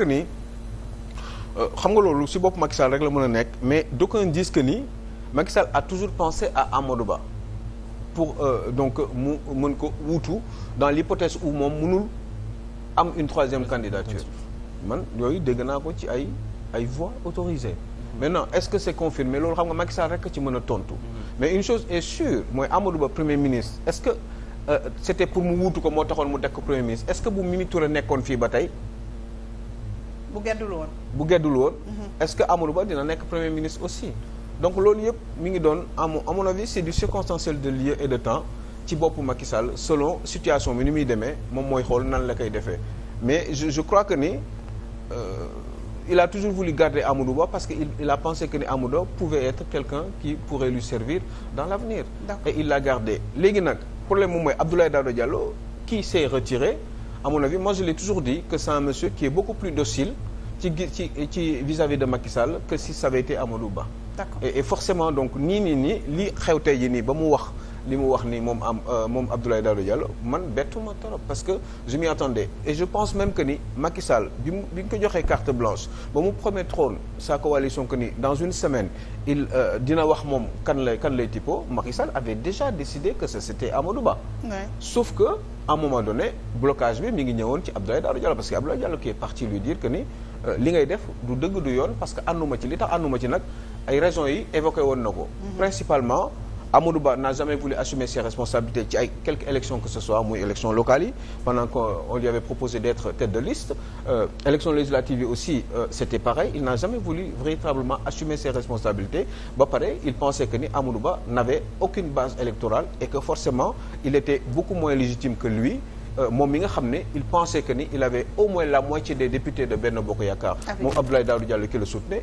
que ni euh, xam nga loolu si bokk Macky Sall rek la mën a nekk mais d'aucuns disent nii ni Macky Sall a toujours pensé à Amadou Ba pour euh, donc mu mën ko wuutu dans l'hypothèse où moom mënul am une troisième candidature man yooyu dégg naa ko ci ay ay voix autorisées maintenant est-ce que c'est confirmé loolu xam nga Macky rek ci mën a tontu mais une chose est sûre mooy Amadou Ba premier ministre est-ce que euh, c'était pour mu wuutu ko moo taxoon mu dekk premier ministre est que bu nekkoon fii ba tey bu geddul woon bu geddul woon mm-hmm. est-ce que Amadou Ba dina nekk premier ministre aussi donc loolu yëpp mi ngi doon à mon avis c'est du circonstanciel de lieu et de temps ci boppu Macky Sall selon situation bi ni muy demee moom mooy xool nan la koy defee mais je je crois que ni euh, il a toujours voulu garder Amadou Ba parce que il, il a pensé que ni Amadou pouvait être quelqu'un qui pourrait lui servir dans l'avenir et il l'a gardé léegi nag problème moom mooy Abdoulaye Daouda Diallo qui s'est retiré à mon avis moi je l'ai toujours dit que c'est un monsieur qui est beaucoup plus docile ci ci ci vis-à-vis de Macky Sall que si ça avait été Amadou Ba. d'accord et, et forcément donc nii nii nii li xew tey jii nii ba mu wax. li mu wax ni moom am euh, moom Abdoulaye Daouda Diallo man bettuma trop parce que je m'y attendais et je pense même que ni Macky Sall bi mu bi ñu ko joxee carte blanche ba mu promettroon sa coalition que ni dans une semaine il euh, dina wax moom kan lay kan lay tippo Macky Sall avait déjà décidé que ce c'était Amadou Ba ouais. sauf que à un moment donné blocage bi mi ngi ñëwoon ci Abdoulaye Daouda Diallo parce que Abdoulaye Diallo qui est parti lui dire que ni euh, li ngay def du dëgg du yoon parce que ànduma ci li tax ànduma ci nag ay raisons yi évoqué woon na ko mhm. Amadou Ba n'a jamais voulu assumer ses responsabilités ci ay quelque élection que ce soit muy élection locale yi pendant qu'on lui avait proposé d'être de liste euh, élection législative aussi euh, c'était pareil il n'a jamais voulu véritablement assumer ses responsabilités ba il pensait que ni Amadou Ba n'avait aucune base électorale et que forcément il était beaucoup moins légitime que lui euh, moom mi nga xam ne il pensait que ni il avait au moins la moitié des députés Bokk Yakaar ah moom Abdoulaye Daouda Diallo qui le soutenait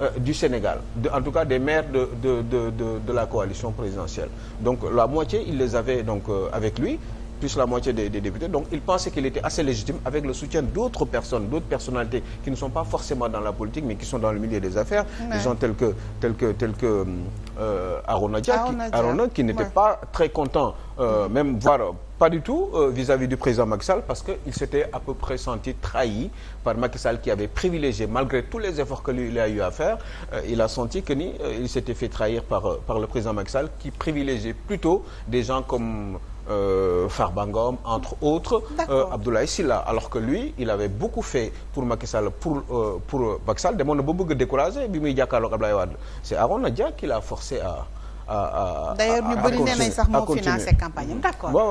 Euh, du Sénégal de, en tout cas des maires de de de de de la coalition présidentielle donc la moitié il les avait donc euh, avec lui plus la moitié des, des députés. Donc il pensait qu'il était assez légitime avec le soutien d'autres personnes, d'autres personnalités qui ne sont pas forcément dans la politique mais qui sont dans le milieu des affaires. Ouais. Des gens tels que, tels que, tels que euh, euh Aronadia, qui, qui n'était ouais. pas très content, euh, mm-hmm. même voire pas du tout euh, vis-à-vis euh, -vis du président Macky Sall parce qu'il s'était à peu près senti trahi par Macky Sall qui avait privilégié, malgré tous les efforts que lui il a eu à faire, euh, il a senti qu'il euh, s'était fait trahir par, euh, par le président Macky Sall qui privilégiait plutôt des gens comme euh, Farba Ngom entre autres euh, Abdoulaye Sylla alors que lui il avait beaucoup fait pour Macky Sall pour euh, pour Macky Sall demoon na ba bëgg a décourager bi muy jàkkaarloog Abdoulaye Wade c'est Arona Dia qui l'a forcé à à à. d'ailleurs ñu bëri nee nañ sax moo financé campagne am d'accord.